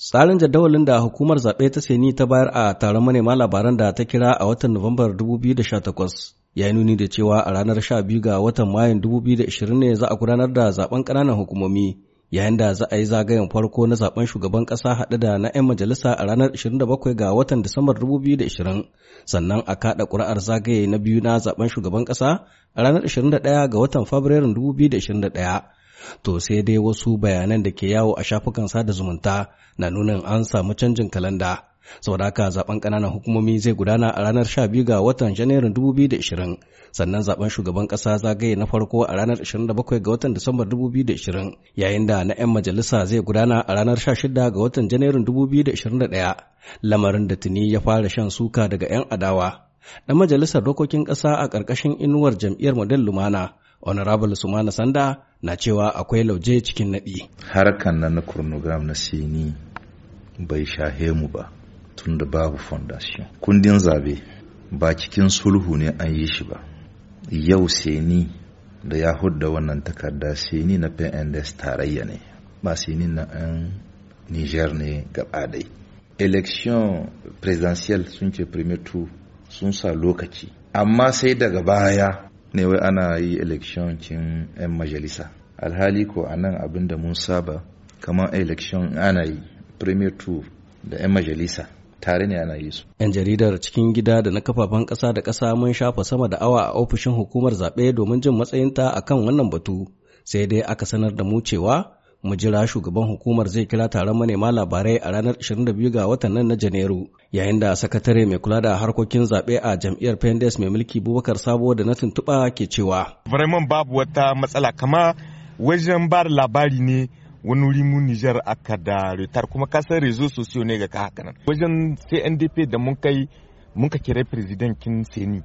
Tsarin jadawalin da hukumar zaɓe ta seni ta bayar a taron manema labaran da ta kira a watan Nuwambar 2018 ya yi nuni da cewa a ranar 12 ga watan Mayun 2020 ne za a gudanar da zaben ƙananan hukumomi yayin da za a yi zagayen farko na zaben shugaban ƙasa haɗe da na 'yan majalisa a ranar 27 ga watan Disambar 2020 sannan a kaɗa ƙuri'ar zagaye na biyu na zaben shugaban ƙasa a ranar 21 ga watan Fabrairun 2021. To sai dai wasu bayanan da ke yawo a shafukan sada zumunta na nunin an samu canjin kalanda. saboda haka zaben ƙananan hukumomi zai gudana a ranar 12 ga watan janairun 2020 sannan zaben shugaban ƙasa zagaye na farko a ranar 27 ga watan disambar 2020 yayin da na 'yan majalisa zai gudana a ranar 16 ga watan janairun 2021 lamarin da tuni ya fara shan suka daga 'yan adawa Ɗan majalisar dokokin ƙasa a ƙarƙashin inuwar jam'iyyar model lumana honorable sumana sanda na cewa akwai lauje cikin naɗi. Harkan nan na kurnogram na sini e bai shahe mu ba tun da babu fondasiyon. Kundin zabe ba cikin sulhu ne an yi shi ba. Yau sini e da ya hudda wannan takarda sini e na PNDS tarayya ne ba sini na 'yan Niger ne gaba ɗai. Election presidential sun ce premier tour sun sa lokaci amma sai daga baya ne wai ana yi election cin 'yan majalisa alhali ko a nan abin da mun saba kamar election ana yi premier tour da 'yan majalisa tare ne ana yi su. 'Yan jaridar cikin gida da na kafafen ƙasa da ƙasa mun shafa sama da awa a ofishin hukumar zaɓe domin jin matsayinta akan wannan batu sai dai aka sanar da mu cewa mu jira shugaban hukumar zai kira taron manema labarai a ranar 22 ga watan nan na janairu yayin da sakatare mai kula da harkokin zaɓe a jam'iyyar pendes mai mulki bubakar sabo da na tuntuɓa ke cewa vraiment babu wata matsala kama wajen ba da labari ne wani wuri mu Nijar aka da retar kuma kasar rezo sosiyo ne ga ka haka nan wajen CNDP da mun kai mun ka kira president kin seni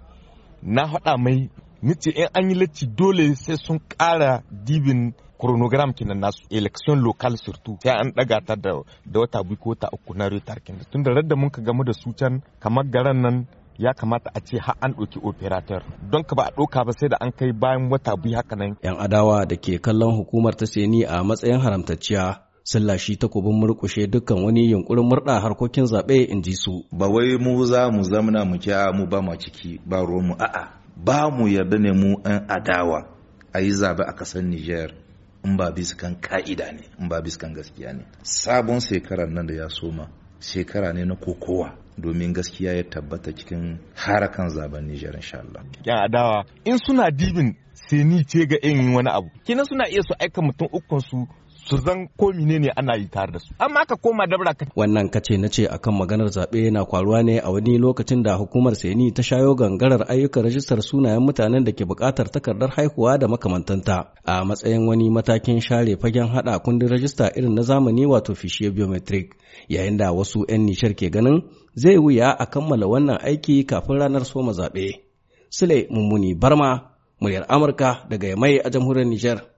na haɗa mai nice in an yi lacci dole sai sun ƙara dibin chronogram kinan nasu election local surtout sai an daga ta da wata biyu ko ta uku na retar kinan tunda radda mun ka gamu da su can kamar garan nan ya kamata a ce har an ɗauki operator don ka ba a ɗauka ba sai da an kai bayan wata biyu haka nan. 'Yan adawa da ke kallon hukumar ta seni a matsayin haramtacciya sun lashi takobin murƙushe dukkan wani yunkurin murɗa harkokin zaɓe in ji su. Ba wai mu za mu zamna mu kya mu ba ma ciki ba mu a'a ba mu yarda ne mu 'yan adawa a yi zaɓe a ƙasar Nijar. in ba kan ka'ida ne in ba kan gaskiya ne sabon shekarar nan da ya soma shekara ne na kokowa domin gaskiya ya tabbata cikin harakan zaben Nijar insha Allah. Yan adawa in suna dibin sai ni ce ga yin wani abu. Kenan suna iya su aika mutum ukun su su zan ko ne ana yi tare da su amma ka koma dabra ka wannan kace na ce akan maganar zaɓe yana kwaruwa ne a wani lokacin da hukumar sayani ta shayo gangarar ayyukan rajistar sunayen mutanen da ke bukatar takardar haihuwa da makamantanta a matsayin wani matakin share fagen hada kundin rajista irin na zamani wato fishiyar biometric yayin da wasu 'yan nishar ke ganin zai wuya a kammala wannan aiki kafin ranar soma zaɓe sule mummuni barma muryar amurka daga mai a jamhuriyar nijar